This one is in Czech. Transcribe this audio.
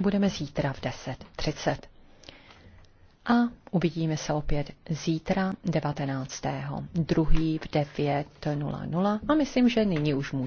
budeme zítra v 10.30. A uvidíme se opět zítra 19. 2. v 9.00 a myslím, že nyní už můžeme.